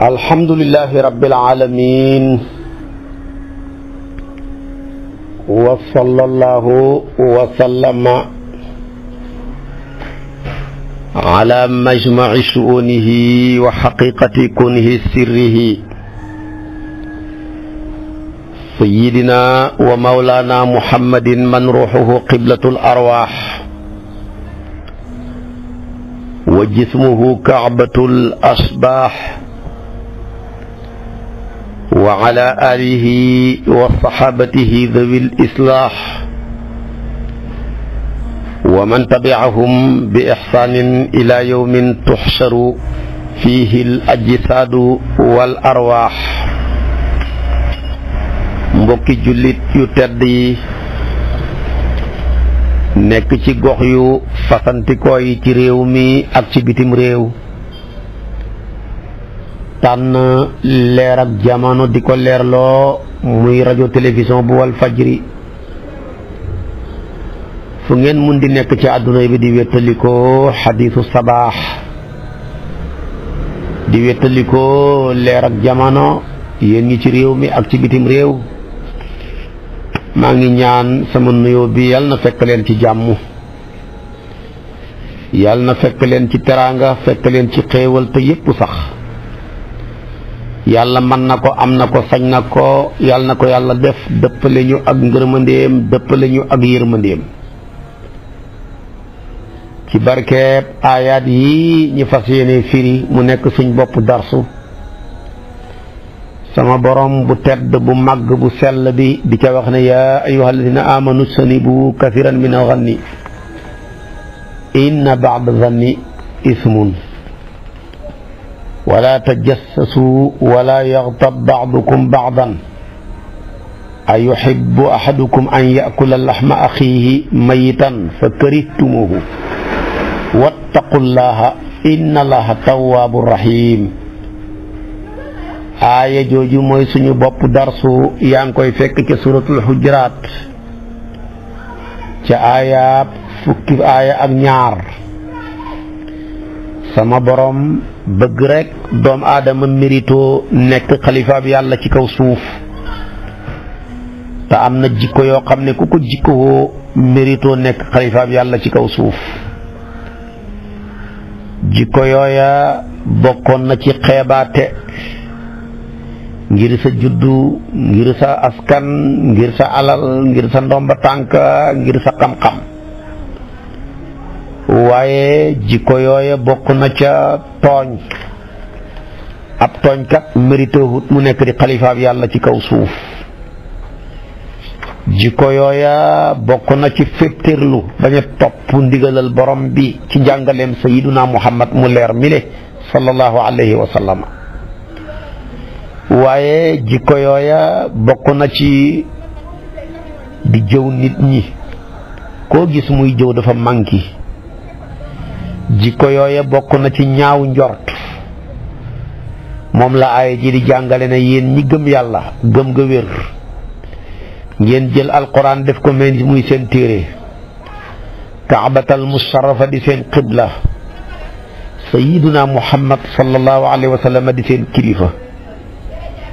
alhamdulilahi rabbil alamin wa sallallahu wa sallama ala majmaci suunihi wa xaqiqati kunihi sirrihi sayidina wa mawlana muhammadin man ruuxuhu qiblatu larwaax wa jismuhu kacbatu lasbaax wa ala alihi wa saxaabatihi dawil islaax wa man tabi'ahum bi ixsaanin ila yawmin tuxsharu fiihi l ajsaadu wal arwaax mbokki jullit yu tedd yi nekk ci gox yu fasantikoo yi ci réew mi ak ci bitim réew tànn leer ak jamono di ko leerloo muy rajo télévision bu wal fajri fu ngeen mun di nekk ci àdduna bi di wéttalikoo xadiisu sabaax di wéttalikoo leer ak jamono yéen ñi ci réew mi ak ci bitim réew maa ngi ñaan sama nuyoo bi yàlla na fekk leen ci jàmm yàlla na fekk leen ci teraanga fekk leen ci xéewal te yépp sax yàlla man na ko am na ko sañ na ko yàlla na ko yàlla def dëppale ñu ak ngërmandéem dëppale ñu ak yërmandéem ci barkeeb aayaat yi ñu fas yéene firi mu nekk suñ bopp darsu sama borom bu tedd bu màgg bu sell bi di ca wax ne yaa ayuha alladina amanu sanibu kathiran min alxanni inna baad zanni ismun wala tajassasu wala yaxtab baadukum baadan a yuhibbu ahadukum an yakula laxma axiihi mayitan fa karihtumuhu wattaqullaha inna allaha tawaabu rahim aaya jooju mooy suñu bopp darsu yaa ngi koy fekk ca suratul xujraat ca aaya fukki aaya ak ñaar sama borom bëgg rekk doomu aadama mérito nekk xalifa yàlla ci kaw suuf te am na jikko yoo xam ne ku ko jikkowoo mérito nekk xalifa yàlla ci kaw suuf jikko yooya bokkoon na ci xeebaate ngir sa juddu ngir sa askan ngir sa alal ngir sa ndomba tànk ngir sa xam-xam waaye jikko yooya bokk na ca tooñ ab tooñkat mérite hut mu nekk di xalifaab yàlla ci kaw suuf jikko yooya bokk na ci fépptéerlu bañ a topp ndigalal borom bi ci njàngaleem sayiduna muhammad mu leer mi le sallallahu alayhi wa waaye jikko yooya bokk na ci di jëw nit ñi koo gis muy jëw dafa manki jikko yooye bokk na ci ñaaw njort moom la aaya ji di jàngale na yéen ñi gëm yàlla gëm ga wér ngeen jël alxuraan def ko mel muy seen téere kaabatal musharrafa di seen qibla sayiduna muhammad sallallahu alayhi wa di seen kilifa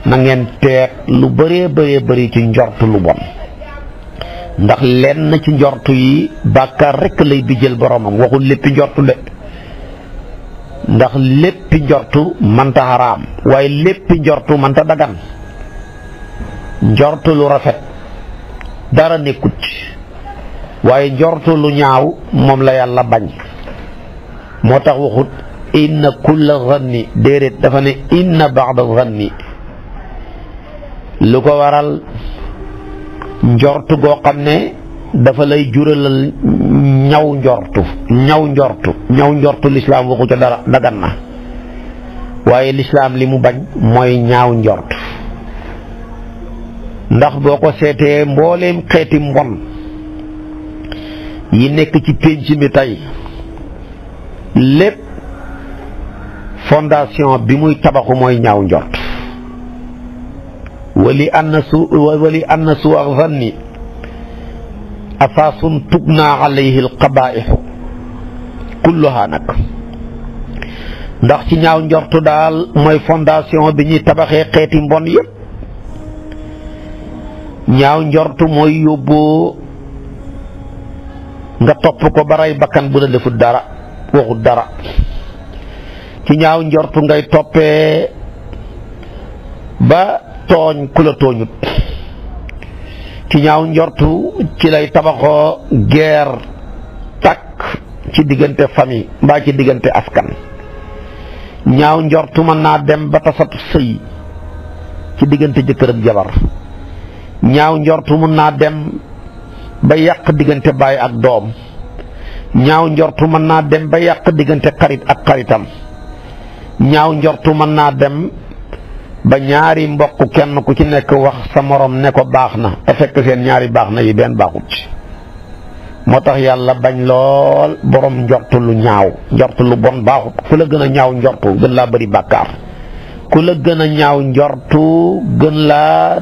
na ngeen teeg lu bëree bëree bëri ci njort lu bon ndax lenn ci njortu yi bàkkaar rekk lay bijjal boromam waxul léppi njortu de ndax léppi njortu mënta xaraam waaye léppi njortu mënta dagan njortu lu rafet dara nekkut ci waaye njortu lu ñaaw moom la yàlla bañ moo tax waxut inna kulla zanni déedéet dafa ne inna ba'da zanni lu ko waral njort goo xam ne dafa lay juralal ñaw njortu ñaw njortu ñaw njortu lislaam waxu ca dara na waaye lislaam li mu bañ mooy ñaaw njort ndax boo ko seetee mbooleem xeeti mbon yi nekk ci pénc mi tey lépp fondation bi muy tabaxu mooy ñaaw njort wali anna su wali anna su ak zanni asaasun tugna alayhi alqabaixu kulluha nag ndax ci ñaaw njortu daal mooy fondation bi ñuy tabaxee xeeti mbon yëpp ñaaw njortu mooy yóbboo nga topp ko baray bakkan bu la defut dara waxut dara ci ñaaw njortu ngay toppee ba tooñ ku la tooñut ci ñaaw njortu ci lay tabaxoo geer takk ci diggante famille mbaa ci diggante askan ñaaw njortu mën naa dem ba tasab sëy ci diggante jëkkër ak jabar ñaaw njortu mën naa dem ba yàq diggante baay ak doom ñaaw njortu mën naa dem ba yàq diggante xarit ak xaritam ñaaw njortu mën naa dem ba ñaari mbokk kenn ku ci nekk wax sa morom ne ko baax na te fekk seen ñaari baax na yi benn baaxut ci moo tax yàlla bañ lool borom njortu lu ñaaw njortu lu bon baaxut ku la gën a ñaaw njortu gën laa bëri bàkkaar ku la gën a ñaaw njortu gën laa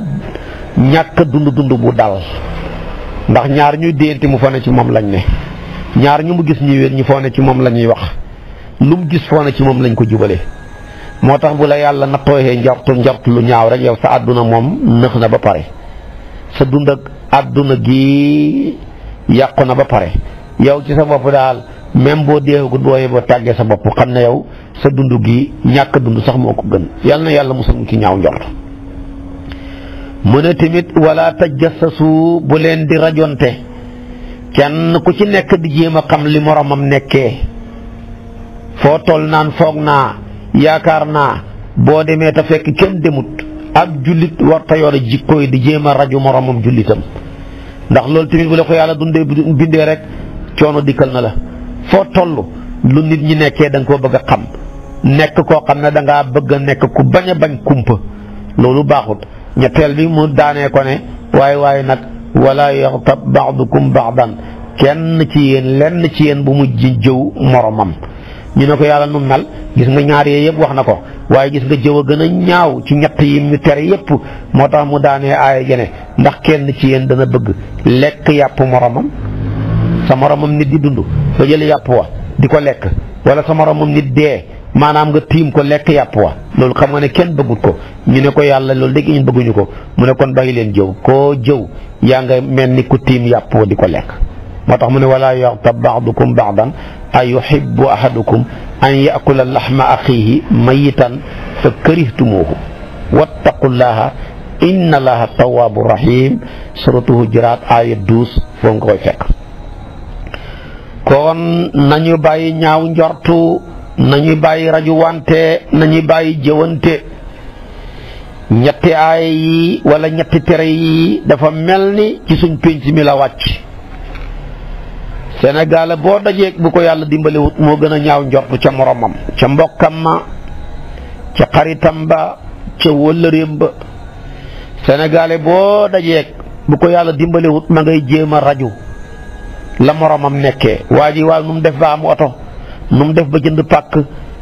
ñàkk dund dund bu dal ndax ñaar ñuy déenti mu fone ci moom lañ ne ñaar ñu mu gis ñuy wér ñu fone ci moom la ñuy wax lu mu gis fone ci moom lañ ko jubale moo tax bu la yàlla nattooyee njort njort lu ñaaw rek yow sa àdduna moom nëx na ba pare sa dund ak àdduna gi yàqu na ba pare yow ci sa bopp daal même boo deewagut boo yeboo tàggee sa bopp xam ne yow sa dund gi ñàkk dund sax moo ko gën yal na yàlla musal mu ci ñaaw njort mu ne tamit wala tajassasu bu leen di rajonte kenn ku ci nekk di jéem a xam li moromam nekkee foo toll naan foog naa yaakaar naa boo demee te fekk kenn demut ab jullit war ta jikkooy di jéem a raju moromam jullitam ndax loolu tamit bu la ko yàlla dundee bindee rek coono dikkal na la foo toll lu nit ñi nekkee danga nga koo bëgg a xam nekk koo xam ne da ngaa bëgg a nekk ku bañ a bañ kumpa loolu baaxut ñetteel bi mu daanee ko ne waaye waaye nag walla yaxtab baadukum baadan kenn ci yéen lenn ci yéen bu mu jëw moroomam ñu ne ko yàlla nu nal gis nga ñaar yee yëpp wax na ko waaye gis nga jëw a gën a ñaaw ci ñett yi ñu tere yëpp moo tax mu daanee aaya jene ndax kenn ci yéen dana bëgg lekk yàpp moromam sa moromam nit di dund nga jël yàpp wa di ko lekk wala sa moromam nit dee maanaam nga tiim ko lekk yàpp wa loolu xam nga ne kenn bëggut ko ñu ne ko yàlla loolu dégg ñun bëgguñu ko mu ne kon bàyyi leen jëw koo jëw yaa nga mel ni ku tiim yàpp wa di ko lekk moo tax mu ne wala yaxtab baadukum baadan ayuhibbu ahadukum an yakula laxma axiihi mayitan fa karihtumuuhu wattaqullaha inna allaha tawaabu rahim suratu hujuraat aaya douze foofu nga koy fekk kon nañu bàyyi ñaaw njortu nañu bàyyi raju wante nañu bàyyi jëwante ñetti aaya yi wala ñetti tere yi dafa mel ni ci suñ pénc mi la wàcc Sénégal boo dajeeg bu ko yàlla dimbaliwut moo gën a ñaaw njort ca moroomam ca mbokkam ma ca xaritam ba ca wëllëreem ba Sénégal boo dajeeg bu ko yàlla dimbaliwut ma ngay jéem a raju la moromam nekkee waa ji waaw nu mu def ba am oto nu mu def ba jënd pàkk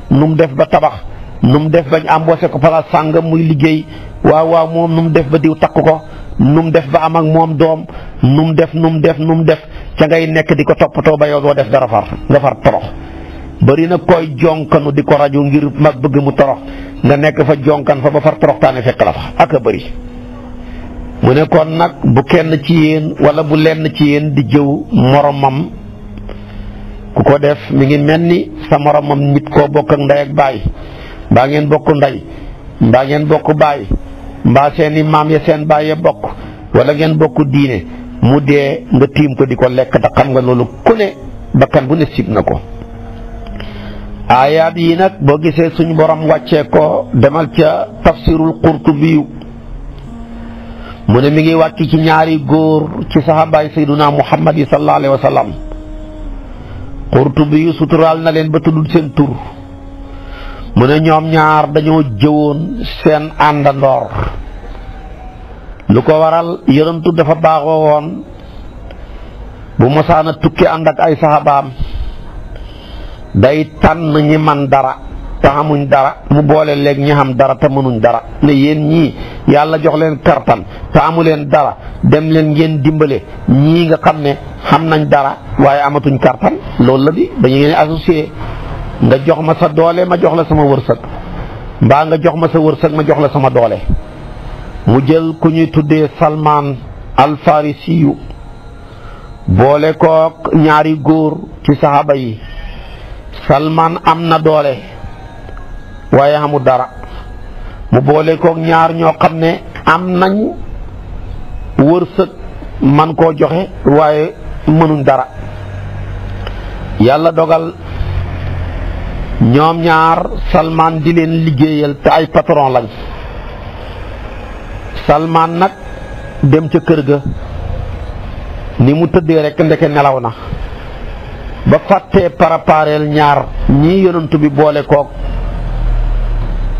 nu def ba tabax nu mu def bañ embauché ko place sàngam muy liggéey waaw waaw moom nu mu def ba diw takk ko num def ba am ak moom doom num def num def num def ca ngay nekk di ko toppatoo ba yow doo def dara far nga far torox bari na koy jonkanu di ko rajo ngir mag bëgg mu torox nga nekk fa jonkan fa ba far toroxtaane fekk la fa ak bari mu nekkoon nag bu kenn ci yéen walla bu lenn ci yéen di jëw moromam ku ko def mu ngi mel ni sa moromam nit koo bokk ak ndey ak baay mbaa ngeen bokk ndey mbaa ngeen bokk baay mbaa seen i maam ya seen bàyye bokk wala ngeen bokk diine mu dee nga tiim ko di ko lekk te xam nga loolu ku ne bakkan bu ne sib na ko aayaat yi nag boo gisee suñu borom wàccee ko demal ca tafsirul qurtubiyu mu ne mi ngiy wàcc ci ñaari góor ci saxaabaay sayduna muhammad yi sallallahu alayhi wa sallam qurtubiyu suturaal na leen ba tuddul seen tur mu ne ñoom ñaar dañoo jëwoon seen àndandoor lu ko waral yonentu dafa baaxoo woon bu mosaana tukki ànd ak ay saxaabaam day tànn ñi man dara te xamuñ dara mu boole léeg ñi xam dara te mënuñ dara ne yéen ñii yàlla jox leen kartan te amu leen dara dem leen ngeen dimbale ñii nga xam ne xam nañ dara waaye amatuñ kartan loolu la di dañu ngeen associé nga jox ma sa doole ma jox la sama wërsëg mbaa nga jox ma sa wërsëg ma jox la sama doole mu jël ku ñuy tuddee Salmaan alfarisiyu boole kook ñaari góor ci saxaaba yi Salmaan am na doole waaye amul dara mu boole kook ñaar ñoo xam ne am nañ wërsëg man koo joxe waaye mënuñ dara yàlla dogal ñoom ñaar Salman di leen liggéeyal te ay patron lañ Salman nag dem ca kër ga ni mu tëddee rek ndeke nelaw na ba fàttee parapareel ñaar ñii yonantu bi boole kook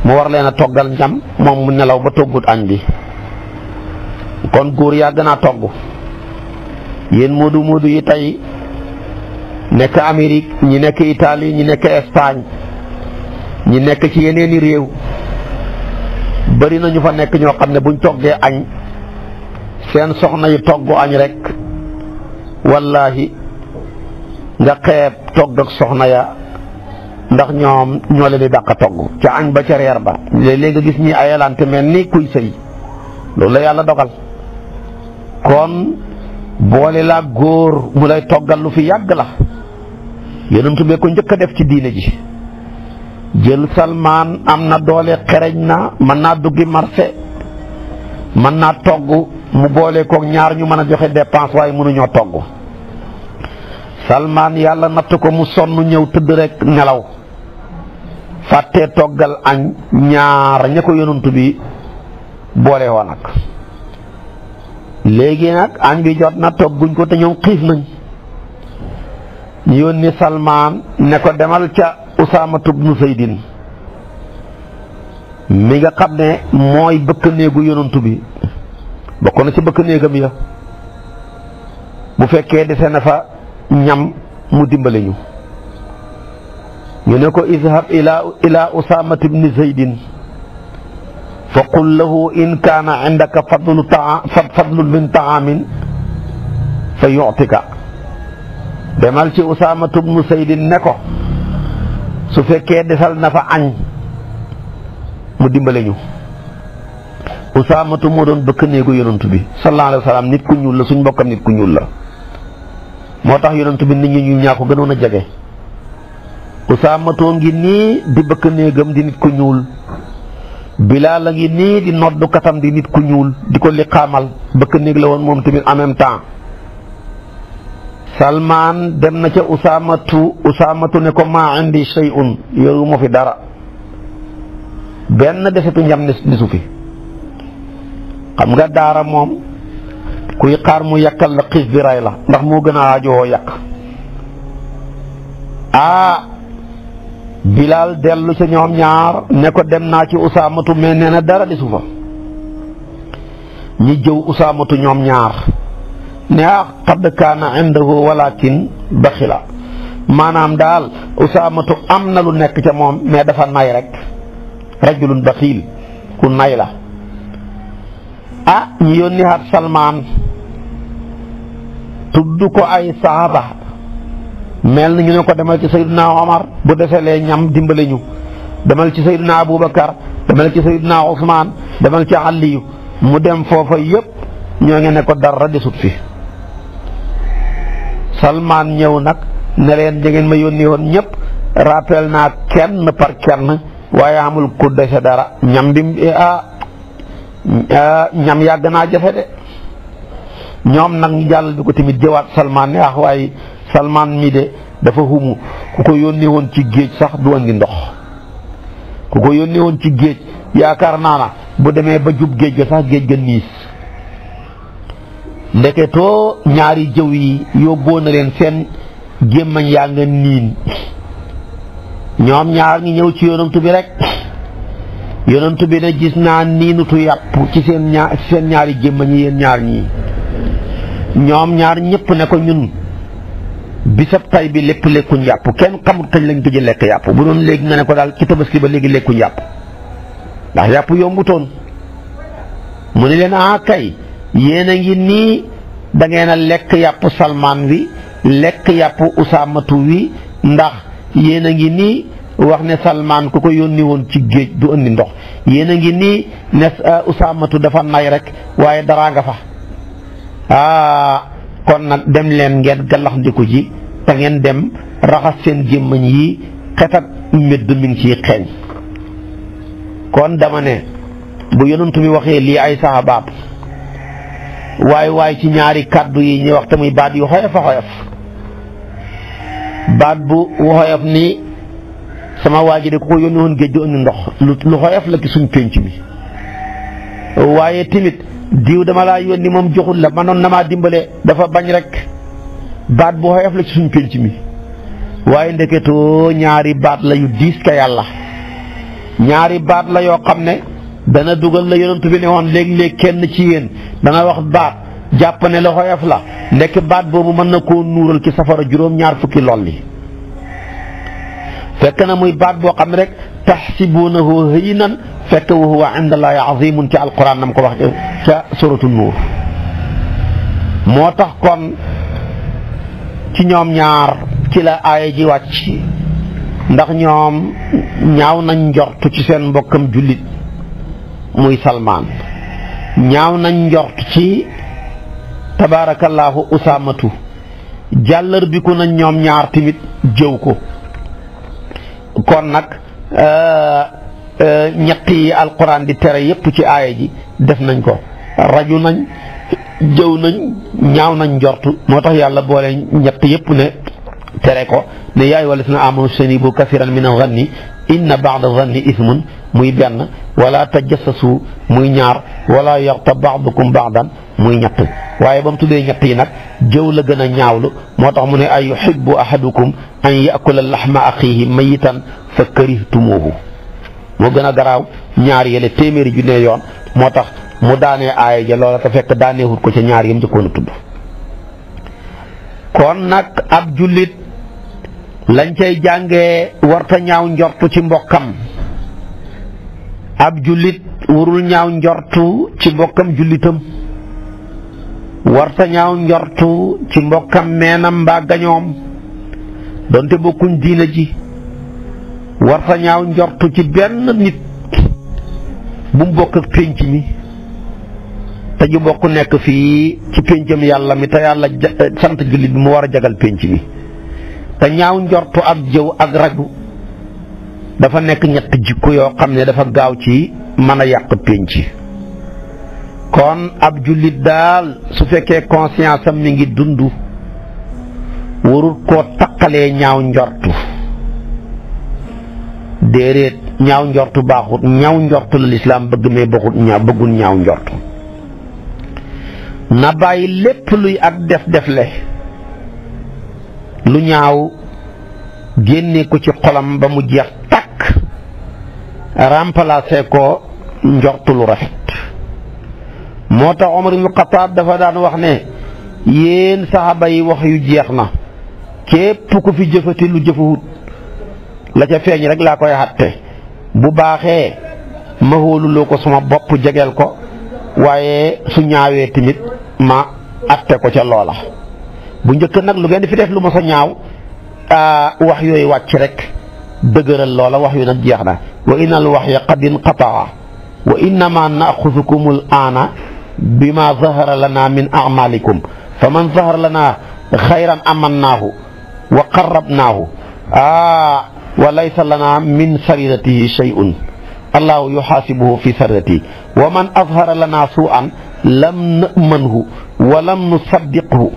mu war leen a toggal njam moom mu nelaw ba toggut añ bi kon góor yaa gën togg yéen moodu moodu yi tey nekk Amérique ñi nekk Italie ñi nekk Espagne ñi nekk ci yeneeni réew bari na ñu fa nekk ñoo xam ne buñ toggee añ seen soxna yi toggu añ rek wallaahi nga xeeb togg soxna ya ndax ñoom ñoo leen di dàq togg ca añ ba ca reer ba léeg-léeg nga gis ñi ayalante mel ni kuy sëy loolu la yàlla dogal kon boole laa góor mu lay toggal lu fi yàgg la yonentu bee ko njëkk a def ci diine ji jël salmaan am na doole xereñ na mën naa duggi marché mën naa togg mu boole kook ñaar ñu mën a joxe dépense waaye mënuñoo togg salmaan yàlla natt ko mu sonn ñëw tëdd rek nelaw fàttee toggal añ ñaar ña ko yonent bi boole woon ak léegi nag añ bi jot na togguñ ko te ñoom xiif nañ yónni Salmaan ne ko demal ca Usaama ibnu Zaydin mi nga xam ne mooy bëkk néegu yonantu bi bokk na ci bëkk néegam ya bu fekkee dese na fa ñam mu dimbale ñu ñu ne ko izhab ila ila Usaama ibni Zaydin fa qul lahu in kaana indaka fadlu min taamin fa yu'tika demal ci usaamatu bnu saydin ne ko su fekkee desal na fa añ mu dimbale ñu usaamatu moo doon bëkk néegu yonantu bi sallallahu alayhi wa nit ku ñuul la suñ mbokkam nit ku ñuul la moo tax yonantu bi nit ñi ñu ñaa ko gënoon a jege usaamatoo ngi nii di bëkk néegam di nit ku ñuul bilaal la ngi nii di noddu katam di nit ku ñuul di ko liqaamal bëkk néeg la woon moom tamit en même temps salmaan dem na ca usaamatu usaamatu ne ko maa indi shay'un yooyu fi dara benn desetu njam nisu fi xam nga daara moom kuy xaar mu yàkkal la xiif bi ray la ndax mu gën a aajowoo yàq aa ah, bilaal dellu ca ñoom ñaar ne ko dem naa ci usaamatu mais nee na dara nisu fa ñi jëw usaamatu ñoom ñaar ne ah qad kaana indahu walakin baxila maanaam daal usaamatu am na lu nekk ca moom mais dafa nay rek rajulun baxiil ku nay la ah ñu yónni xat salmaan tudd ko ay saaba mel ni ñu ne ko demal ci sayduna omar bu deselee ñam dimbali ñu demal ci sayduna aboubacar demal ci sayduna ousmane demal ci aliyu mu dem foofa yëpp ñoo ngi ne ko dara desut fi Salman ñëw nag ne leen da ngeen ma yónni woon ñëpp rappel naa kenn par kenn waaye amul ku dese dara ñam bi ah, ah ñam yàgg naa jafe de ñoom nag ñu jàll bi ko tamit jëwaat Salman ne ah waaye Salman mi de dafa humu ku ko yónni woon ci géej sax du andi ndox ku ko yónni woon ci géej yaakaar naa na bu demee ba jub géej ga sax géej ga niis ndeketoo ñaari jëw yi yóbboo na leen seen gémmañ yaa nga niin ñoom ñaar ñu ñëw ci yonantu bi rek yonantu bi na gis naa niinutu yàpp ci seen ñaar ci seen ñaari gémmañ yéen ñaar ñii ñoom ñaar ñëpp ne ko ñun bisab tay bi lépp lekkuñ yàpp kenn xamul kañ lañ gëj a lekk yàpp bu doon léegi nga ne ko daal ci tabaski ba léegi lekkuñ yàpp ndax yàpp yombutoon mu ni leen a ah, kay yéen a ngi nii dangeen a lekk yàpp salmaan wi lekk yàpp usaamatu wi ndax yéen a ngi nii wax ne salmaan ku ko yónni woon ci géej du andi ndox yéen a ngi nii ne ah, usaamatu dafa nay rek waaye daraa nga fa aa ah, kon nag dem leen ngeen gàllaxndiku ji te ngeen dem raxas seen gémmañ yi xetat mbedd mi ngi ciy xeeñ kon dama ne bu yonent bi waxee lii ay saxaabaam waaye waaye ci ñaari kàddu yi ñuy wax te muy baat yu xoyof a xoyof baat bu xoyof ni sama waa ji de ku ko yónni woon géej gi indi ndox lu xoyof la ci suñ pénc mi waaye tamit diw dama laa yónni moom joxul la manoon na maa dimbale dafa bañ rek baat bu xoyof la ci suñ pénc mi waaye ndeketoo ñaari baat la yu diis ka yàlla ñaari baat la yoo xam ne dana dugal la yonent bi ne woon léeg-léeg kenn ci yéen dana wax baat jàpp ne la xoyof la ndekk baat boobu mën na koo nuural ci safara juróom-ñaar fukki lolli fekk na muy baat boo xam ne rek taxsibuunahu hayyinan fekk wa huwa inda allaahi azimun ci alquran nam ko wax ca suratu nuur moo tax kon ci ñoom ñaar ci la aaya ji ndax ñoom ñaaw nañ njort ci seen mbokkam jullit muy salmaan ñaaw nañ njort ci tabaarakallaahu usaamatu jàllar bi nañ ñoom ñaar tamit jëw ko kon nag euh, euh, ñetti yi alquran di tere yépp ci aaya ji def nañ ko raju nañ jëw nañ ñaaw nañ njort moo tax yàlla boole ñett yépp ne tere ko ne yaay wala si na amanu seni bu kafiran min alxanni inna ba'da zanni ismun muy benn wala tajassasu muy ñaar wala yaxtab ba'dukum ba'dan muy ñett waaye ba mu tuddee ñett yi nag jëw la gën a ñaawlu moo tax mu ne ay yuhibbu ahadukum an yakula laxma axiihi mayitan fa karihtumuuhu moo gën a garaaw ñaar yële téeméeri junne yoon moo tax mu daanee aaya ja loola te fekk daaneewut ko ca ñaar yam njëkkoon a tudd kon nag ab jullit lañ cay jàngee warta ñaaw njortu ci mbokkam ab jullit warul ñaaw njortu ci mbokkam jullitam warta ñaaw njortu ci mbokkam meenam mbaa gañoom donte bokkuñ diina ji warta ñaaw njortu ci benn nit bu mu bokk ak mi te ñu bokk nekk fii ci péncam yàlla mi te yàlla sant jullit bi mu war a jagal pénc mi te ñaaw njortu ak jëw ak raju dafa nekk ñett jikko yoo xam ne dafa gaaw ci mën a yàq ci kon ab jullit daal su fekkee conscience li ngi dund warul koo taqalee ñaaw njortu déedéet ñaaw njortu baaxut ñaaw njortu la lislaam bëgg mais baxut ñaaw bëggul ñaaw njortu na bàyyi lépp luy ak def defle lu ñaaw génne ko ci xolam ba mu jeex takk remplacé ko njortu lu rafet moo tax Omar ibnu Xataab dafa daan wax ne yéen saxaaba yi wax yu jeex na képp ku fi jëfati lu jëfawut la ca feeñ rek laa koy xatte bu baaxee ma hóoluloo ko sama bopp jegeel ko waaye su ñaawee tamit ma atte ko ca loola bu njëkk nag lu ngeen di fi def lu mos a ñaaw wax yooyu wàcc rek dëgëral loola wax yu nag jeex na wa inna al waxya qad inqataa wa innama naaxuzukum al aana bima zahara lana min amalikum fa man zahara lana xayran amannaahu wa qarrabnaahu ah wa laysa lana min sariratihi shay'un allahu yuxaasibuhu fi sariratihi wa man azhara lana suu'an lam namanhu wa lam nusaddiqhu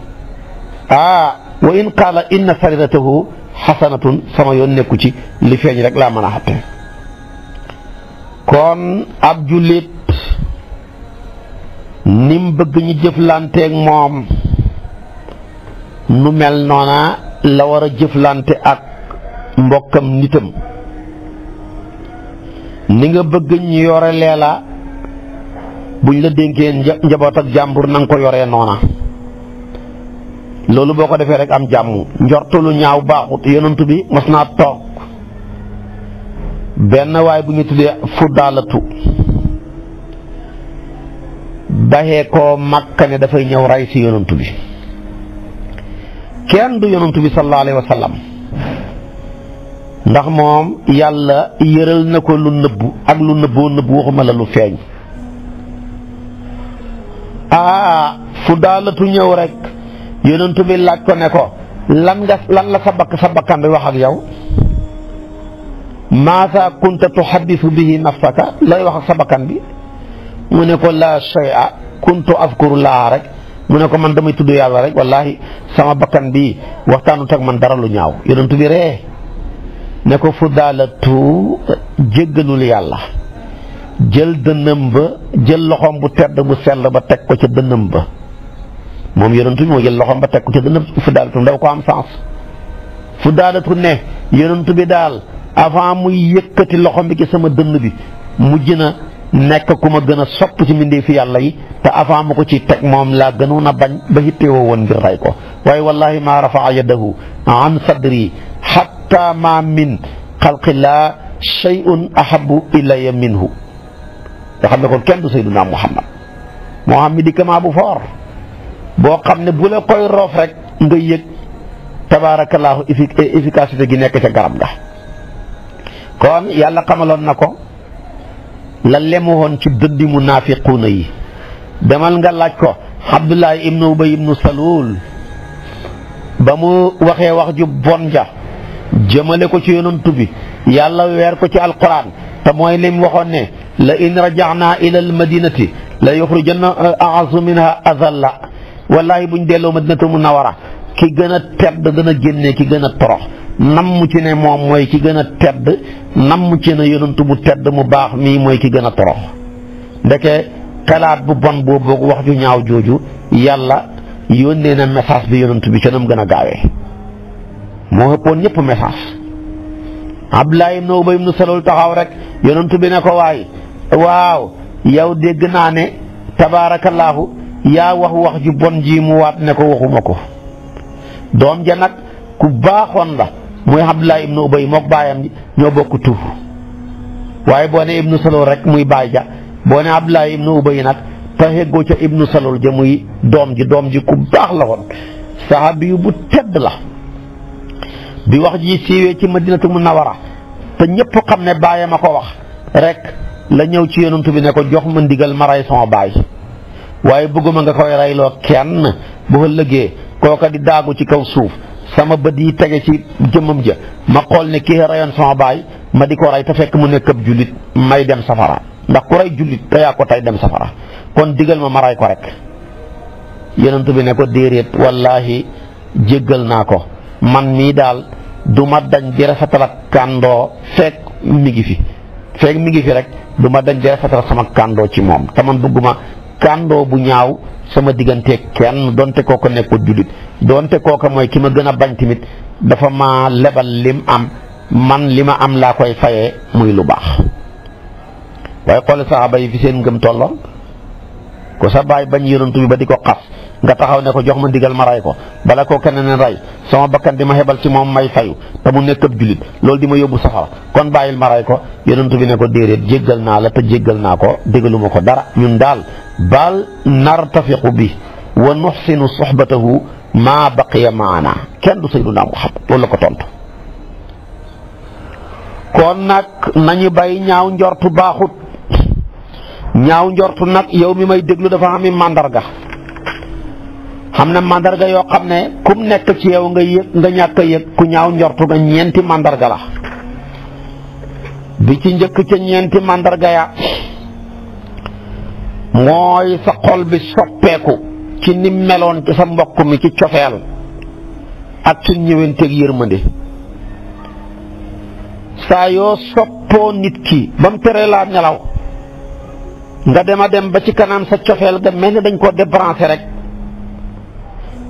ah wa in qaala inna faridatahu xasanatun sama yoon nekku ci li feeñ rek laa mën a xatte kon ab jullit nim bëgg ñu jëflanteeg moom nu mel noona la war a jëflante ak mbokkam nitam ni nga bëgg ñu yore leela buñ la dénkee njaboot ak jàmbur na ko yore noona loolu boo ko defee rek am jàmm njortu lu ñaaw baaxut yonent bi mas naa toog benn waay bu ñu tuddee fuddaalatu daxee koo Makka ne dafay ñëw rey si yonent bi kenn du yonent bi sallallahu alayhi wa ndax moom yàlla yëral na ko lu nëbbu ak lu nëbboo nëbbu waxuma la lu feeñ aa fuddaalatu ñëw rek yonent bi laaj ko ne ko lan lan la sa bakk bakkan bi wax ak yow maasa kunta tuhaddisu bihi nafsaka lay wax ak sa bakkan bi mu ne ko laa shay'a kuntu azkuru laa rek mu ne ko man damay tudd yàlla rek wallahi sama bakkan bi waxtaanut ak man dara lu ñaaw yonent bi ree ne ko fu daalatu jéggalul yàlla jël dënnam ba jël loxoom bu tedd bu sell ba teg ko ca dënnam ba moom yonent bi moo jël loxoom ba teg ko ci dënn fu daalatu ndaw ko am sens fu daalatu ne yonent bi daal avant muy yëkkati loxoom bi sama dënn bi mujj na nekk ku ma gën a sopp ci mbindeefi yàlla yi te avant mu ko ci teg moom laa gënoon a bañ ba hittewoo woon ngir ko waaye wallahi ma rafaa yadahu an sadri hatta ma min xalqillah shay'un ahabu ilaya minhu nga xam ne kon kenn du sayduna muhammad muhammad di kama bu foor boo xam ne bu la koy roof rek nga yëg tabaarakallaahu efficacité gi nekk ca garab ga kon yàlla xamaloon na ko la lemu woon ci dëddi mu naafiquuna yi demal nga laaj ko Abdullahi ibnu Ubay ibnu Salul ba mu waxee wax ju bon ja jëmale ko ci yonantu bi yàlla weer ko ci alquran te mooy lim waxoon ne la in rajaanaa ila almadinati la yuxrijanna aazu minha azalla bu ñu delloo madinatu munawara ki gën a tedd dana génne ki gën a torox namm ci ne moom mooy ki gën a tedd namm ci ne yonantu bu tedd mu baax mii mooy ki gën a torox ndeke xalaat bu bon boobu wax ju ñaaw jooju yàlla yónnee na message bi yonantu bi ca nam gën a gaawee moo ëppoon ñëpp message Abdulaay ibnu Ubay ibnu Salul taxaw rek yonantu bi ne ko waay waaw yow dégg naa ne tabaarakallaahu yaa wax wax ju bon ji mu waat ne ko waxuma ko doom ja nag ku baaxoon la muy Abdullah ibnu Ubay mook baayam ñoo bokk tur waaye boo ne ibnu Salul rek muy baay ja boo ne Abdullah ibnu Ubay nag taxeggoo ca ibnu Salul ja muy doom ji doom ji ku baax la woon sahabi yu bu tedd la bi wax ji siiwee ci madinatu munawara te ñëpp xam ne baayam a ko wax rek la ñëw ci yonantu bi ne ko jox ma ndigal ma rey sama baay waaye bëgguma nga koy rayloo kenn bu ëllëgee kooka di daagu ci kaw suuf sama bët yi tege ci jëmmam ja ma xool ne kii rayoon sama baay ma di ko rey te fekk mu nekk ab jullit may dem safara ndax ku rey jullit te yaa ko tey dem safara kon digal ma ma rey ko rek yonent bi ne ko déeréet wallaahi jéggal naa ko man mii daal du ma dañ di rafetal ak kàndoo fekk mi ngi fi fekk mi ngi fi rek du ma dañ di rafetal sama kàndoo ci moom te man ma kàndoo bu ñaaw sama diggante kenn donte kooka nekkul jullit donte kooka mooy ki ma gën a bañ tamit dafa ma lebal lim am man li ma am laa koy faye muy lu baax waaye xool saxaaba yi fi seen ngëm tolloon ko sa baay bañ yonantu bi ba di ko xas nga taxaw ne ko jox ma ndigal ma ray ko bala koo keneen ray sama bakkan di ma xebal ci moom may fayu te mu nekk ab loolu di ma yóbbu safara kon bàyyil ma ray ko yonent bi ne ko jéggal naa te jéggal naa ko dégaluma ko dara ñun daal bal nartafiqu bi wa nuxsinu soxbatahu maa baqiya maana kenn du Sayyiduna Muhammad loolu la ko tontu kon nag nañu bay ñaaw njortu baaxut ñaaw njortu nag yow mi may déglu dafa am màndarga xam na màndarga yoo xam ne kum nekk ci yow nga yëg ñàkk yëg ku ñaaw njortu nga ñeenti màndarga la bi ci njëkk ca ñeenti màndarga ya mooy sa xol bi soppeeku ci ni meloon ci sa mbokk mi ci cofeel ak ci ñëwenteeg yërmande saa yoo soppoo nit ki ba mu teree laa nelaw nga dem a dem ba ci kanam sa cofeel ga mel ni dañ koo débranché rek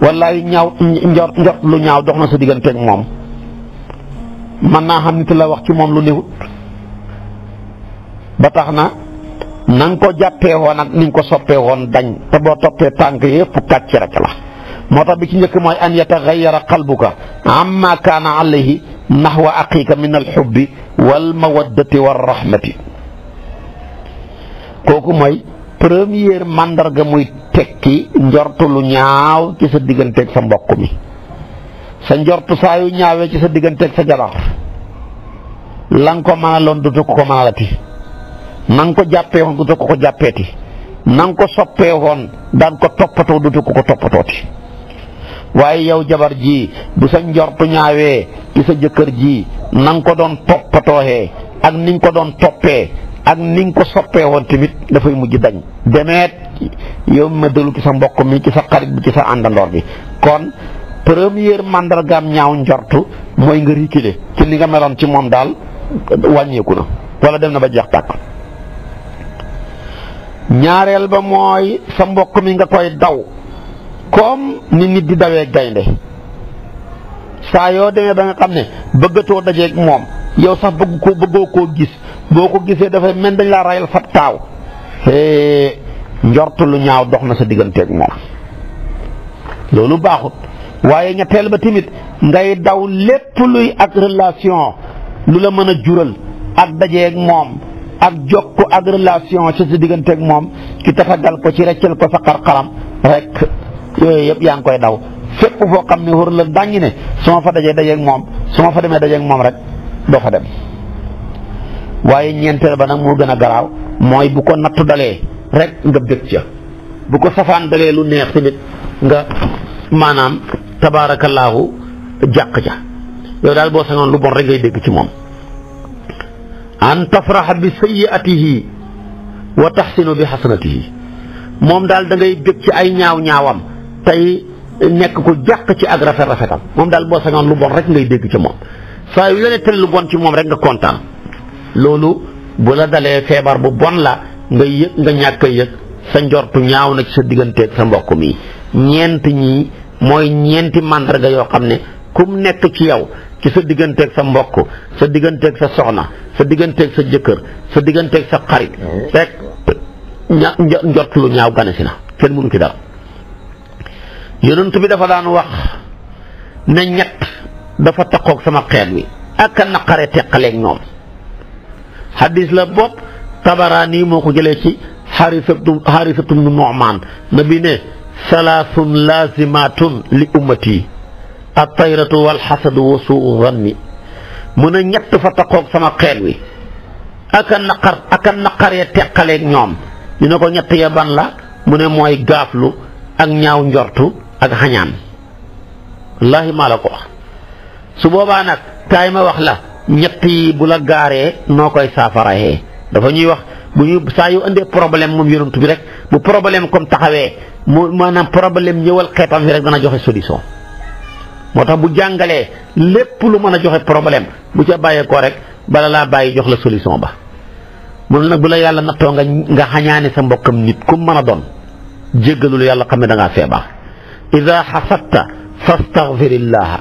wallaay ñaaw njor njort lu ñaaw dox na sa digganteeg moom mën naa xam nit la wax ci moom lu néewut ba tax na na ko jàppee woon ak ni ko soppee woon dañ te boo toppee tànk yëpp kàcc rek la moo tax bi ci njëkk mooy an yataxayyara qalbuka amma kaana alayhi naxwa aqiika min alxubbi wal mawaddati war rahmati kooku mooy première mandarga muy tekki njortu lu ñaaw ci sa digganteek sa mbokk mi sa njortu saa ñaawee ci sa digganteek sa jabar la ko mënaloon dutu ko ko mënalati na nga ko jàppee woon dutu ko ko jàppeeti na nga ko soppee woon daan ko toppatoo dutu ko ko toppatooti waaye yow jabar ji bu sa njortu ñaawee ci sa jëkkër ji na ko doon toppatoohee ak niñ ko doon toppee ak ni ko soppee woon tamit dafay mujj dañ demeet yow ma delu ci sa mbokk mi ci sa xarit bi ci sa àndandoor bi kon première mandargaam ñaaw njortu mooy nga rikile ci li nga meloon ci moom daal wàññeeku na wala dem na ba jeex tàkk ñaareel ba mooy sa mbokk mi nga koy daw comme ni nit di dawee gaynde saa yoo demee ba nga xam ne bëggatoo dajeeg moom yow sax bëgg ko bëggoo koo gis boo ko gisee dafa mel dañ laa rayal fa taaw njort lu ñaaw dox na sa digganteeg moom loolu baaxut waaye ñetteel ba tamit ngay daw lépp luy ak relation lu la mën a jural ak dajeeg moom ak jokk ak relation ci sa digganteeg moom ci tafagal ko ci reccal ko sa xar-xaram rek yooyu yëpp yaa ngi koy daw fépp foo xam ne wër la dàññi ne su fa dajee dajeeg moom su ma fa demee dajeeg moom rek doo fa dem waaye ñeenteel ba nag moo gën a garaaw mooy bu ko nattu dalee rek nga bëgg ca bu ko safaan dalee lu neex tamit nga maanaam tabaarakallaahu jàq ca yow daal boo sañoon lu bon rek ngay dégg ci moom an tafraxa bi sayyiatihi wa taxsinu bi xasanatihi moom daal da ngay bëgg ci ay ñaaw ñaawam tey nekk ku jàq ci ak rafet rafetam moom daal boo sañoon lu bon rek ngay dégg ci moom saa yu la ne lu bon ci moom rek nga kontaan loolu bu la dalee feebar bu bon la nga yëg ñàkk yëg sa njortu ñaaw na ci sa digganteek sa mbokk mi ñeent ñii mooy ñeenti màndarga yoo xam ne kum nekk ci yow ci sa digganteek sa mbokk sa digganteeg sa soxna sa digganteek sa jëkkër sa digganteeg sa xarit rek ña ñaaw gane si na kenn mënu ki dara yonent bi dafa daan wax ne ñett dafa takkoog sama xeet wi ak na naqare teqaleeg ñoom xadis la bopp yi moo ko jëlee ci xarisatu xarisatu nu Nu'maan ne salaasun laazimaatun li ummati at-tayratu wal xasadu wa suu zanni mu ne ñett fa taqoog sama xeet wi ak a naqar ak a naqaree teqaleeg ñoom ñu ne ko ñett ya la mu ne mooy gaaflu ak ñaaw njortu ak xañaan wallaahi maa la ko wax su boobaa nag kaay ma wax la ñett yi bu la gaaree noo koy saafaraayee dafa ñuy wax bu ñu saa yu indee problème moom yonent bi rek bu problème comme taxawee mu maanaam problème ñëwal xeetam bi rek dana joxe solution. moo tax bu jàngalee lépp lu mën a joxe problème bu ca bàyyeekoo rek bala laa bàyyi jox la solution ba mun nag bu la yàlla nattoo nga nga xañaane sa mbokkam nit ku mën a doon jéggalul yàlla xam ne da ngaa feebar. ida xasatta fastaxfirillaha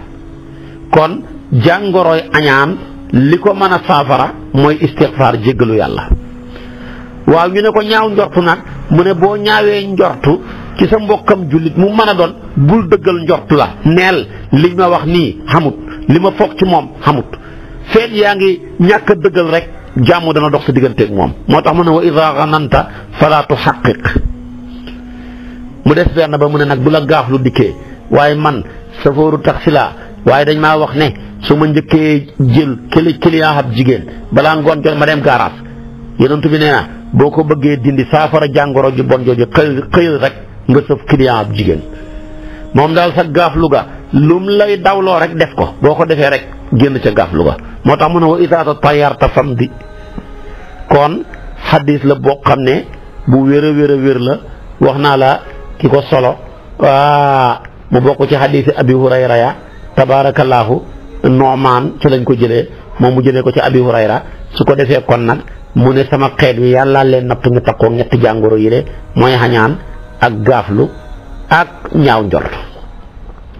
kon jàngoroy añaan li ko mën a saafara mooy istixfaar jéggalu yàlla waaw ñu ne ko ñaaw njortu nag mu ne boo ñaawee njortu ci sa mbokkam jullit mu mën a doon bul dëggal njortu la neel li ma wax nii xamut li ma foog ci moom xamut feet yaa ngi ñàkk a dëggal rek jàmm dana dox sa digganteeg moom moo tax mu ne wa idaa gananta falaa tuxaqiq mu des benn ba mu ne nag bu la gaaf lu dikkee waaye man safooru taxi laa waaye dañ maa wax ne su ma njëkkee jël kili client ab jigéen balaa ngoon jot ma dem garage yonent bi nee na boo ko bëggee dindi saafara jàngoro ju bon jooju xëy xëyal rek nga sëf client ab jigéen moom daal sa gaaf lu ga lay dawloo rek def ko boo ko defee rek génn ca gaaf lu moo tax mu ne wa isaata tayarta samdi kon xadis la boo xam ne bu wéera a wér wér la wax naa la ki ko solo waa mu bokk ci xadisi abi hurayra ya noomaan ci lañ ko jëlee moom mu jëlee ko ci abi hurayra su ko defee kon nag mu ne sama xeet wi yàllaa leen napp ñu takkoo ñetti jàngoro yi le mooy xañaan ak gaaflu ak ñaaw njort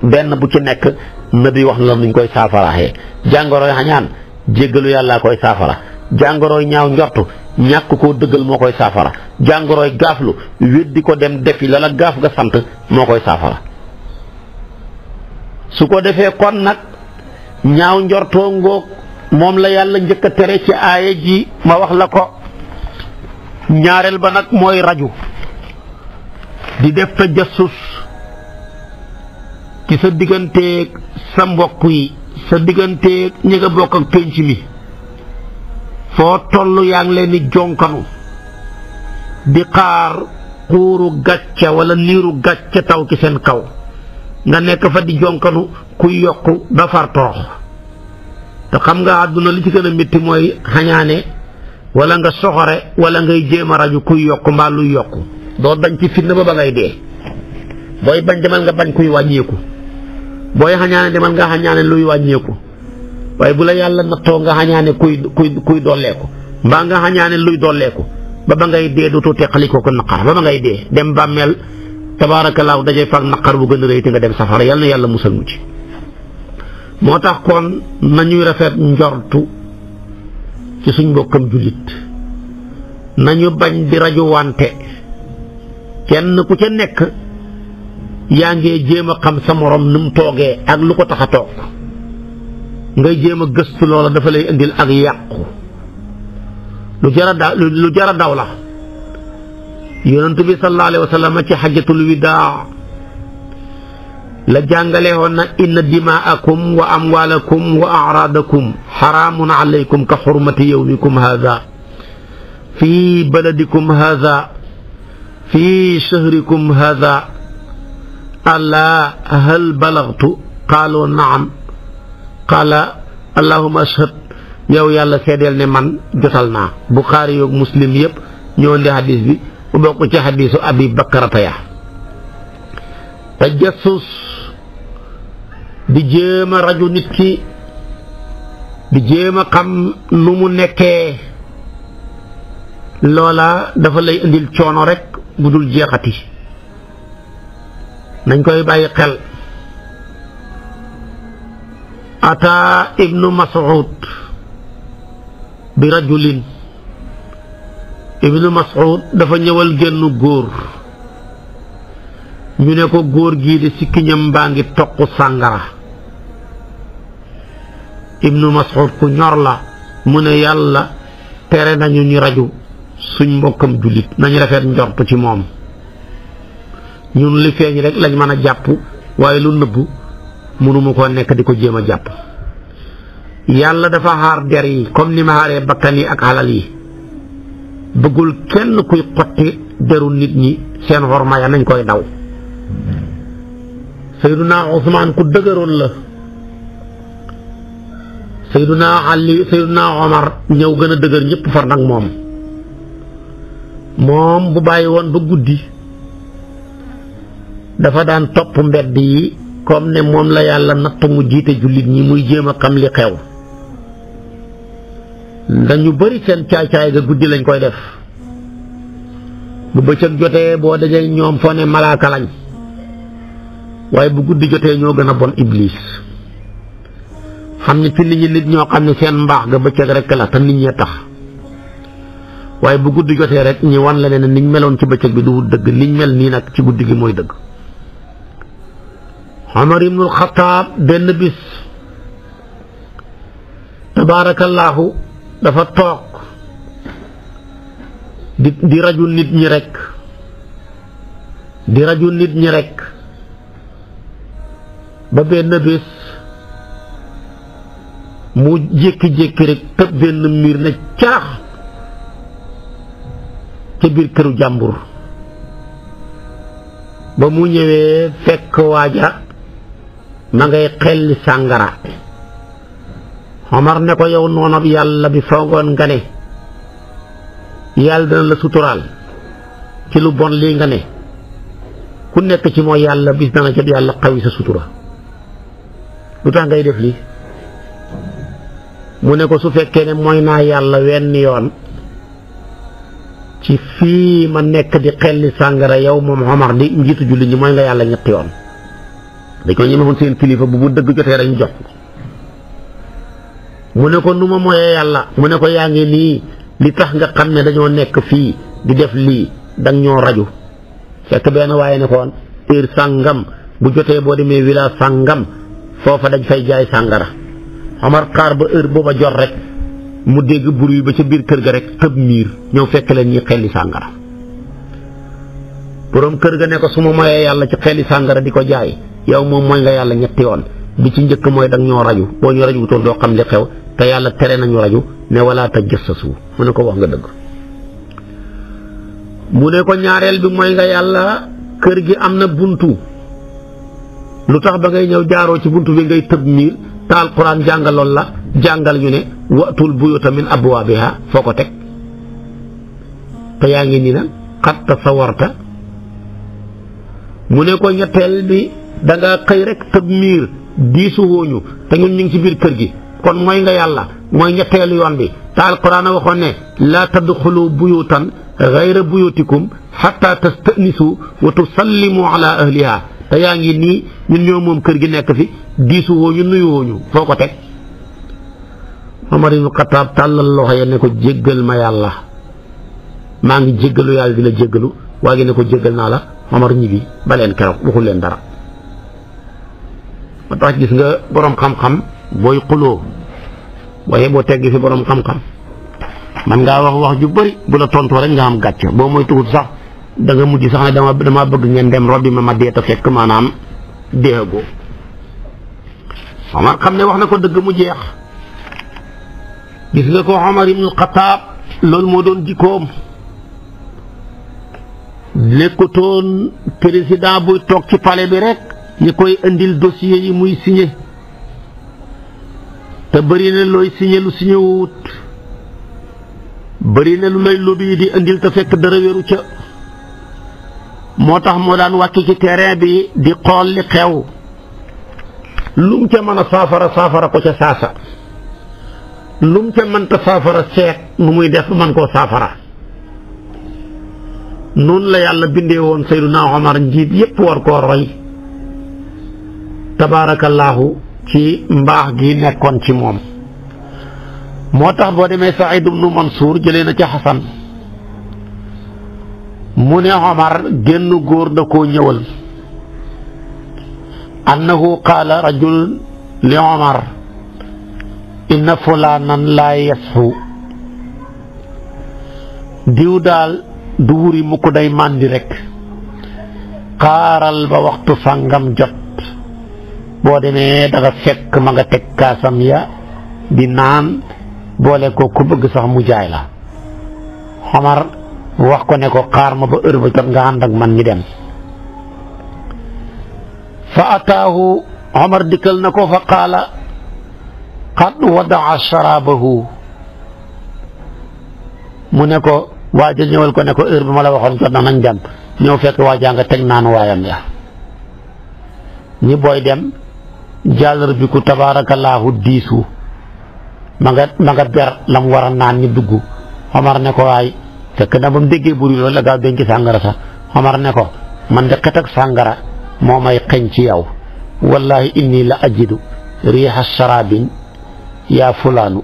benn bu ci nekk nabi wax na la nuñ koy saafaraxee jàngoroy xañaan jéggalu yàllaa koy saafara jàngoroy ñaaw njort ñàkk koo dëggal moo koy saafara jàngoroy gaaflu weddi ko dem defi lala gaaf nga sant moo koy saafara su ko defee kon nag ñaaw njortoo ngoog moom la yàlla njëkk tere ci aaya ji ma wax la ko ñaareel ba nag mooy raju di def tajassus ci sa digganteeg sa mbokk yi sa digganteeg ñi bokk ak pénc mi foo toll yaa ngi leen di jonkanu di xaar xuuru gàcca wala niiru gàcca taw ci seen kaw nga nekk fa di jonkanu kuy yokk ba far toox te xam nga àdduna li ci gën a métti mooy xañaane wala nga soxore wala ngay jéem a raju kuy yokk mbaa luy yokk doo dañ ci fitna ba ba ngay dee booy bañ demal nga bañ kuy wàññeeku booy xañaane demal nga xañaane luy wàññeeku waaye bu la yàlla nattoo nga xañaane kuy kuy kuy dolleeku mbaa nga xañaane luy dolleeku ba ba ngay dee dootu teqali ko ko naqar ba ba ngay dee dem bàmmeel tabaarakallaahu dajee faak naqar bu gën a rëy te nga dem safara yal na yàlla musal mu ci moo tax kon nañuy rafet njortu ci suñ mbokkam jullit nañu bañ di rajo wante kenn ku ca nekk yaa ngi jéem a xam sa morom nu mu toogee ak lu ko tax a toog ngay jéem a gëstu loola dafa lay indil ak yàqu lu jara daw lu jara daw la yonentu bi sallallahu alayhi wa sallam ci xajatul widaa la jàngale woon na inna dimaakum wa amwaalakum wa araadakum xaraamun alaykum ka xurmati yowmikum haada fii baladikum haada fii shahrikum haada alaa hal balagtu qaaloo naam qaala allahuma ashhad yow yàlla seedeel ne man jotal naa buxaari yoog muslim yépp ñoo ndi hadis bi mu bokk ci xadiisu abi bakarata ya tajassus di jéem raju nit ki di jéem a xam nu mu nekkee loola dafa lay indil coono rekk bu dul jeexati dañ koy bàyyi xel ata ibnu mas'ud bi rajulin ibnu mas'ud dafa ñëwal génn góor ñu ne ko góor gi de sikkiñam baa ngi toq sàngara ibnu mas'ud ku ñor la mu ne yàlla tere nañu ñu raju suñ mbokkam jullit nañ rafet njort ci moom ñun li feeñ rek lañ mën a jàpp waaye lu nëbbu mënuma koo nekk di ko jéem a jàpp yàlla dafa xaar der yi comme ni ma xaaree bakkan yi ak xalal yi bëggul kenn kuy xotti deru nit ñi seen xorma ya nañ koy daw sayduna Usmaan ku dëgëroon la sayduna Ali sayduna ñëw gën a dëgër ñëpp far nag moom moom bu bàyyi woon ba guddi dafa daan topp mbedd yi comme ne moom la yàlla natt mu jiite jullit ñi muy jéem xam li xew dañu bari seen caay-caay ga guddi lañu koy def bu bëccëg jotee boo dajee ñoom foo ne malaaka lañ waaye bu guddi jotee ñoo gën a bon iblis xam ne ci nit ñi nit ñoo xam ne seen mbaax nga bëccëg rekk la te nit ñee tax waaye bu guddi jotee rek ñi wan la ne ne niñ meloon ci bëccëg bi du dëgg niñ mel nii nag ci guddi gi mooy dëgg Omar ibnul Xataab benn bis tabaarakallaahu dafa toog di di raju nit ñi rekk di raju nit ñi rekk ba benn bés mu jékki-jékki rekk tëb benn miir ne caax ca biir këru jàmbur ba mu ñëwee fekk waaja ma ngay xelli sàngara Omar ne ko yow noonu yàlla bi foogoon nga ne yàlla dana la suturaal ci lu bon lii nga ne ku nekk ci mooy yàlla bis dana jot yàlla xawi sa sutura lu tax ngay def lii mu ne ko su fekkee ne mooy naa yàlla wenn yoon ci fii ma nekk di xelli sàngara yow moom Omar di njiitu jullit yi mooy nga yàlla ñetti yoon dañ ko ñemewoon seen kilifa bu bu dëgg jotee rek ñu jox mu ne ko nu ma moyee yàlla mu ne ko yaa ngi nii li tax nga xam ne dañoo nekk fii di def lii dang ñoo raju fekk benn waaye ne koon heure sàngam bu jotee boo demee village sàngam foofa dañ fay jaay sàngara Omar xaar ba heure booba jot rek mu dégg bruit ba ca biir kër ga rek tëb miir ñëw fekk leen ñi xelli sàngara boroom kër ga ne ko su ma moyee yàlla ci xelli sàngara di ko jaay yow moom mooy nga yàlla ñetti yoon bi ci njëkk mooy dang ñoo raju boo ñu rajuwutoon xam li te yàlla tere nañu raju ne sa tajassasu mu ne ko wax nga dëgg mu ne ko ñaareel bi mooy nga yàlla kër gi am na buntu lu tax ba ngay ñëw jaaroo ci buntu bi ngay tëb miir taal quran jàngaloon la jàngal ñu ne watul buyuta min abwaabiha foo ko teg te yaa ngi nii nag xat tasawarta mu ne ko ñetteel bi danga xëy rek tëb miir diisu wooñu te ñu ngi ci biir kër gi kon mooy nga yàlla mooy ñetteelu yoon bi te alquran a waxoon ne laa tadxulu buyutan gayra buyutikum xatta tastanisu wa tusallimu ala te yaa ngi nii ñun ñoo moom kër gi nekk fi diisu wooñu nuyu wooñu foo ko teg Omar ibnu Xataab tàllal loxo ya ne ko jéggal ma yàlla maa ngi jéggalu yàlla di la jéggalu waa gi ne ko jéggal naa la Omar ñibbi ba leen keroog waxul leen dara moo tax gis nga boroom xam-xam booy xuloo waaye boo tegg fi borom xam-xam man ngaa wax wax ju bëri bu la tontoo rek nga am gàcce boo mooy tugut sax da nga mujj sax ne dama dama bëgg ngeen dem robbi ma ma dee ta fekk maanaam déegoo Omar xam ne wax na ko dëgg mu jeex gis nga ko Omar ibnul Xataab loolu moo doon jikkoom nekkutoon président buy toog ci palais bi rek ñi koy indil dossier yi muy signé te bëri na looy signé lu signé wut na lu lay lobi di indil te fekk dara wéru ca moo tax moo daan wàcc ci terrain bi di xool li xew lum ca mën a saafara saafara ko ca saasa lum ca mënta saafara seet nu muy def mën koo saafara noonu la yàlla bindee woon Seydunaa Omar njiit yépp war koo roy tabaarakallaahu ci mbaax gi nekkoon ci moom moo tax boo demee Saïd ibnu Mansour jëlee na ci Xasan mu ne Omar génn góor da koo ñëwal annahu qaala rajul li Omar inna fulaanan laa yasxu diw daal du wuri mukk day màndi rek xaaral ba waxtu sàngam jot boo demee da nga fekk ma nga teg kaasam ya di naan boole ko ku bëgg sax mu jaay la xamar wax ko ne ko xaar ma ba heure ba jot nga ànd ak man ñi dem fa ataahu xamar dikkal na ko fa qaala qad wadaa sharaabahu mu ne ko waaja ñëwal ko ne ko heure bi ma la waxoon jot na nañ dem ñëw fekk waajaa nga teg naan waayam ya ñi booy dem jàllar bi ku tabaarakallaahu diisu ma nga ma nga ber la war a naan ñu dugg Omar ne ko waay fekk na ba mu déggee buri loolu la gaaw denc sàngara sax Omar ne ko man de xet ak sàngara moo may xeñ ci yow wallahi inni la ajidu riixa sharabin yaa fulaanu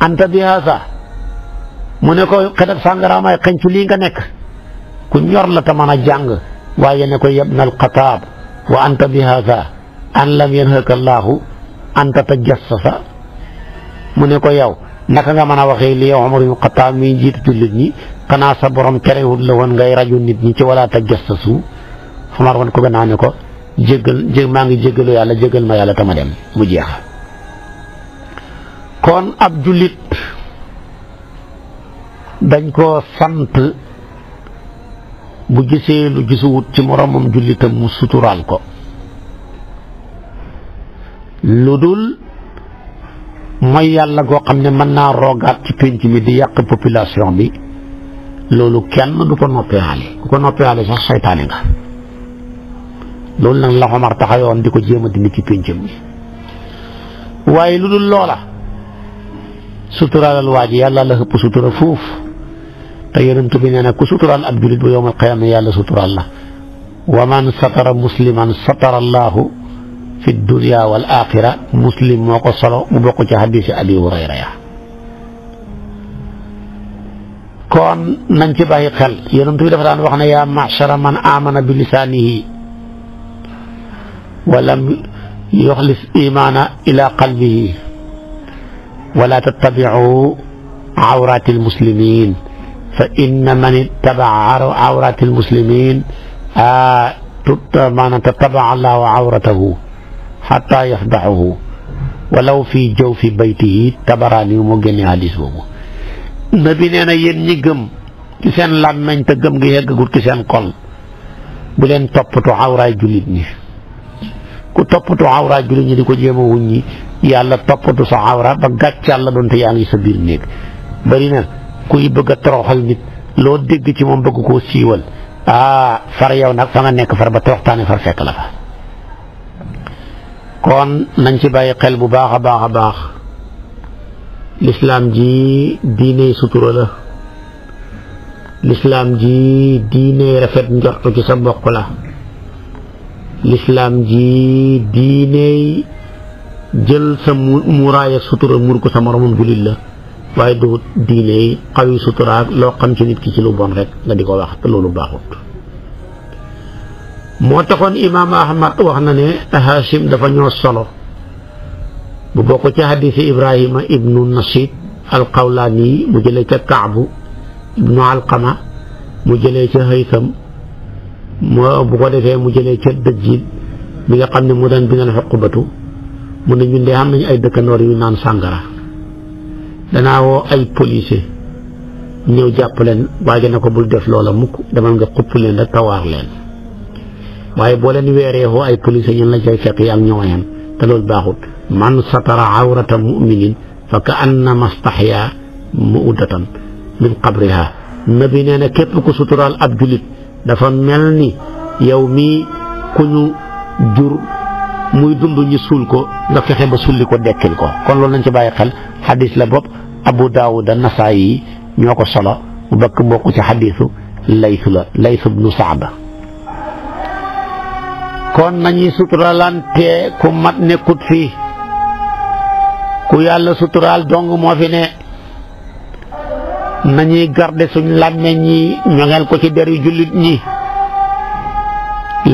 anta mu ne ko xet ak sàngara may xeñ ci lii nga nekk ku ñor la te mën a jàng waaye ne ko yabna alxataab wa anta bi haasa an lam yanhaka llaahu an tatajassasa mu ne ko yow naka nga mën a waxee li yow Omar ibn Xattaab mi jiitu jullit ñi xanaa sa borom terewul la woon ngay raju nit ñi ci wala tajassasu Omar woon ko gannaaw ne ko jéggal maa ngi jéggalu yàlla jéggal ma yàlla tama dem mu jeex kon ab jullit dañ koo sant bu gisee lu gisuwut ci moromam jullitam mu suturaal ko lu dul mooy yàlla goo xam ne mën naa roogaat ci pénc mi di yàq population bi loolu kenn du ko noppeeale ku ko noppeeale sax seytaane nga loolu nag la Omar taxawoon di ko jéem a dindi ci pénc mi waaye lu dul loola suturaalal waa ji yàlla la ëpp sutura foofu te yonent bi nee na ku suturaal ab julit bu yowmal qiyaama yàlla suturaal la wa man satara musliman satara allahu fi dunya wal axira muslim moo ko solo mu bokk ci hadisi abi hurayra ya kon nañ ci bàyyi xel yonent bi dafa daan wax ne yaa machara man amana bi lisaanihi walam yoxlis imaana ila qalbihi wala tattabicu awraati almuslimin fa inna man ittabaca awraati almuslimin maanaam tattabaca allahu awratahu xataa yafdaxuhu walaw fii jëw fi baytihi tabaraan yi moo génne hadis boobu nabi nee na yéen ñi gëm ci seen làmmeñ te gëm gi yeggagut ci seen xol bu leen toppatoo awraay jullit ñi ku toppatoo awraay ñi di ko jéem a yàlla toppatoo sa awra ba gàcc yàlla doon te yaa ngi sa biir néeg bari na kuy bëgg a toroxal nit loo dégg ci moom bëgg koo siiwal ah far yow nag fa nga nekk far ba te waxtaane far fekk la kon nañ ci bàyyi xel bu baax a baax a baax lislaam ji diine sutura la lislaam ji diine rafet njortu ci sa mbokk la lislaam ji diine jël sa muraay ak sutura mur ko sa moromam jullit la waaye du diine xawi suturaak loo xam ci nit ki ci lu bon rekk nga di ko wax te loolu baaxut moo taxoon imaam ahmad wax na ne haashim dafa ñoo solo bu bokk ci xadiisi ibrahima ibnu nasid alqawlaani mu jëlee ca kaabu ibnu alqama mu jëlee ca haysam moo bu ko defee mu jëlee ca dëjjil mi nga xam ne mu daan binal xuqubatu mu ne ñun de xam nañu ay dëkkandoor yu naan sàngara danaa woo ay policier ñëw jàpp leen waaye na ko bul def loola mukk demal nga xupp leen ak tawaar leen waaye boo leen weeree woo ay police ñun lañ cay fekk ak ñoo yem te loolu baaxut man satara awrata muminin fa ka annama staxyaa muudatan min qabriha nabi nee na képp ku suturaal ab julit dafa mel ni yow mii ku ñu jur muy dund ñu suul ko nga fexe ba sulli ko dekkil ko kon loolu nañ ci bàyyi xel xadis la bopp abu daawuda nasaa yi ñoo ko solo bakk bokk ci xadisu laysu la laysu bnu saada kon nañuy suturalante ku mat nekkut fii ku yàlla suturaal dong moo fi ne nañuy garde suñ làmmeñ yi ñoŋel ko ci deru jullit ñi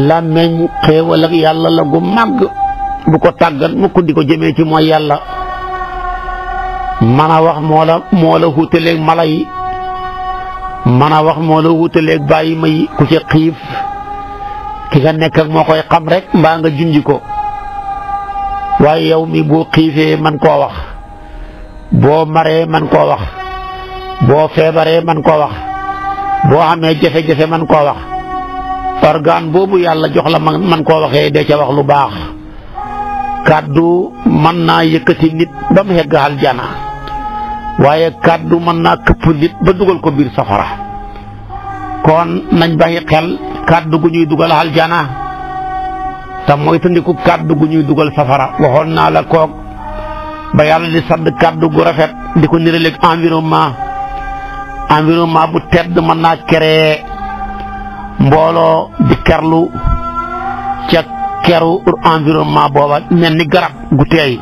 làmmeñ xéewal ak yàlla la gu màgg bu ko tàggat mukk di ko jëmee ci mooy yàlla man a wax moo la moo la wutaleeg mala yi man a wax moo la wutaleeg bàyyi ma yi ku ci xiif ki nga nekk ak moo koy xam rek mbaa nga junji ko waaye yow mi boo xiifee man koo wax boo maree man koo wax boo feebaree man koo wax boo amee jafe-jafe man koo wax organe boobu yàlla jox la man man koo waxee dee ca wax lu baax kàddu mën naa yëkkati nit ba mu hegg aljana waaye kàddu mën naa këpp nit ba dugal ko biir safara kon nañ bàyyi xel kàddu gu ñuy dugal aljana te moytandiku kàddu gu ñuy dugal safara waxoon naa la koog ba yàlla di sadd kàddu gu rafet di ko niraleeg environnement environnement bu tedd mën naa créer mbooloo di kerlu ca keru environnement booba mel ni garab gu teey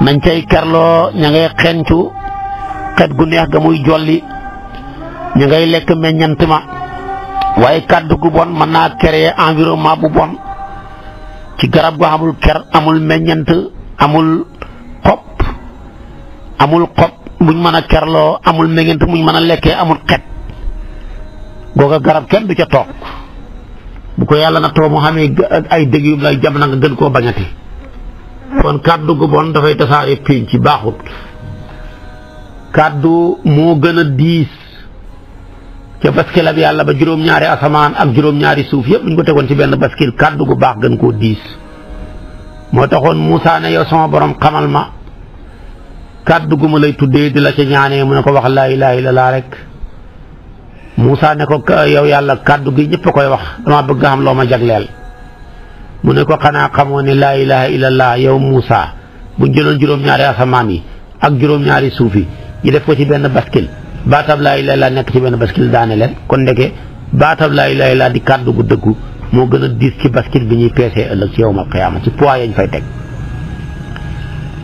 nañ cay kerloo ña ngay xencu xet gu neex ga muy jolli ña ngay lekk meññant ma waaye kàddu gu bon mën naa créer environnement bu bon ci garab gu amul ker amul meññent amul xob amul xob buñ mën a kerloo amul meññent muñ mën a lekkee amul xet googa garab kenn du ca toog bu ko yàlla na too mu xamee ay dëgg yu lay jam na nga gën koo bañati kon kàddu gu bon dafay tasaare pénc ci baaxut kàddu moo gën a diis ca baskil ab yàlla ba juróom-ñaari asamaan ak juróom-ñaari suuf yëpp ñu ko tegoon ci benn baskil kàddu gu baax gën koo diis moo taxoon Moussa ne yow sama borom xamal ma kàddu gu ma lay tuddee di la ca ñaanee mu ne ko wax laa ilaaha illallaah rek Moussa ne ko yow yàlla kàddu gi ñëpp a koy wax dama bëgg xam loo ma jagleel mu ne ko xanaa xamoo ne laa ilaaha illallaah yow Moussa bu jëloon juróom-ñaari asamaan yi ak juróom-ñaari suuf yi ñu def ko ci benn baskil baatab laa ilaaha illaa nekk ci benn baskil daane leen kon ndeke baatab laa ilaaha illaa di kàddu gu dëggu moo gën a diis ci baskil bi ñuy peesee ëllëg ci yowmal qiyaama ci poids ñu fay teg.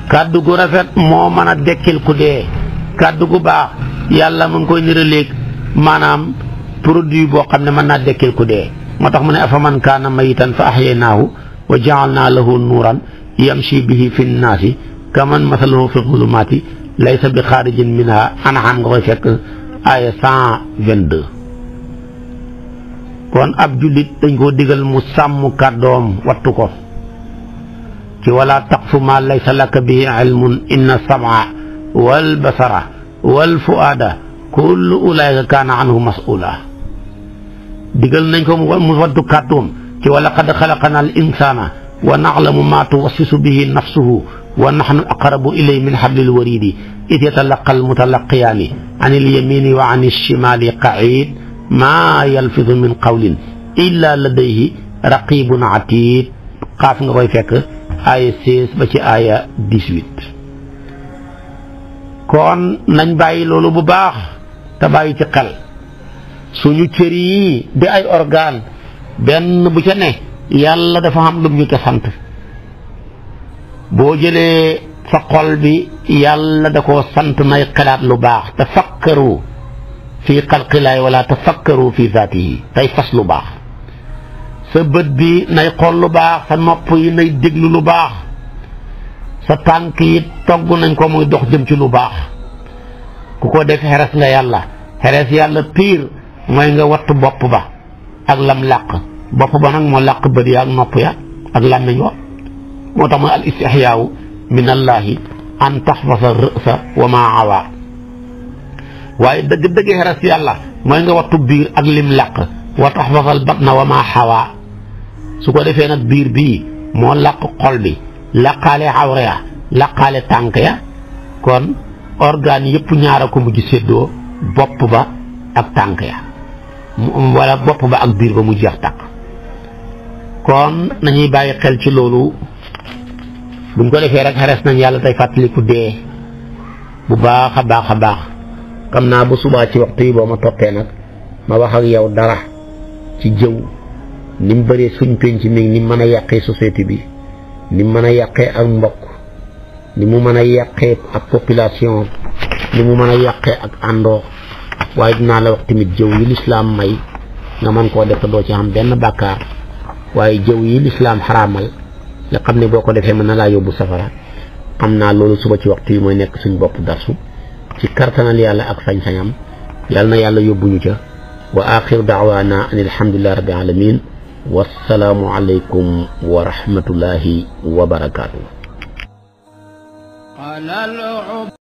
kàddu gu rafet moo mën a dekkil ku dee kàddu gu baax yàlla mu ngi koy niraleeg maanaam produit boo xam ne mën naa dekkil ku dee moo tax mu ne afa man kaana mayitan fa ahyaynaahu wa jaalnaa lahu nuuran yamshi bihi naa nnaasi kaman masaluhu fi zulumaati laysa bi xaarijin minha anam nga koy fekk aaya cent vingt deux kon ab jullit dañ koo digal mu sàmm kàddoom wattu ko ci wala taqfu ma laysa laka bihi ilmun inna samaa wal basara wal fuaada kullu ulaika kaana anhu masula digal nañ ko mu wattu kàddoom ci wala qad xalaqana al insana wa naclamu ma tuwasisu bihi nafsuhu wa nahnu aqrabu ilayhi min hablil waridi id yatalaqa almutalaqiyaani an ilyamini wa an alshimali qaid maa yalfidu min qawlin illa ladayhi raqibun atid xaaf nga koy fekk aaya 16 ba ci aaya 18 kon nañ bàyyi loolu bu baax te bàyyi ci xel suñu cër yi di ay organe benn bu ca ne yàlla dafa am lu ñu ko sant boo jëlee sa xol bi yàlla da ko sant nay xalaat lu baax tafakkaru fii xalqilaay wala tafakkaru fii zaatihi tey fas lu baax sa bët bi nay xool lu baax sa nopp yi nay déglu lu baax sa tànk yi togg nañ ko muy dox jëm ci lu baax ku ko def xeres nga yàlla xeres yàlla piir mooy nga wattu bopp ba ak lam làq bopp ba nag moo làq bët ya ak nopp ya ak làmmiñ wa moo tax mooy al istixyaawu min allaahi an taxfasa rësa wa ma awa waaye dëgg dëgg xeres yàlla mooy nga wattu biir ak lim làq wa taxfasal batna wa ma xawa su ko defee nag biir bii moo làq xol bi làqaale xawre ya làqaale tànk ya kon organe yëpp ñaara ko mujj séddoo bopp ba ak tànk ya wala bopp ba ak biir ba mu jeex tàkk kon nañuy bàyyi xel ci loolu buñ ko defee rek xeres nañ yàlla tey fàttaliku dee bu baax a baax a baax xam naa bu subaa ci waxtu yi boo ma toppee nag ma wax ak yow dara ci jëw ni mu bëree suñ penc mi ni mën a yàqee société bi ni mën a yàqee ak mbokk ni mu mën a yàqee ak population ni mu mën a yàqee ak àndoo waaye dinaa la wax tamit jëw yi lislaam may nga mën koo def doo ci am benn bàkkaar waaye jëw yi lislaam xaraamal nga xam ne boo ko defee mën na laa yóbbu safara xam naa loolu suba ci waxtu yi mooy nekk suñ bopp darsu ci kartanal yàlla ak sañ-sañam yàlla na yàlla yóbbuñu ca wa axiru daawaana an alhamdulillahi rabbil alamin wassalaamu aleykum wa rahmatullahi wa barakaatu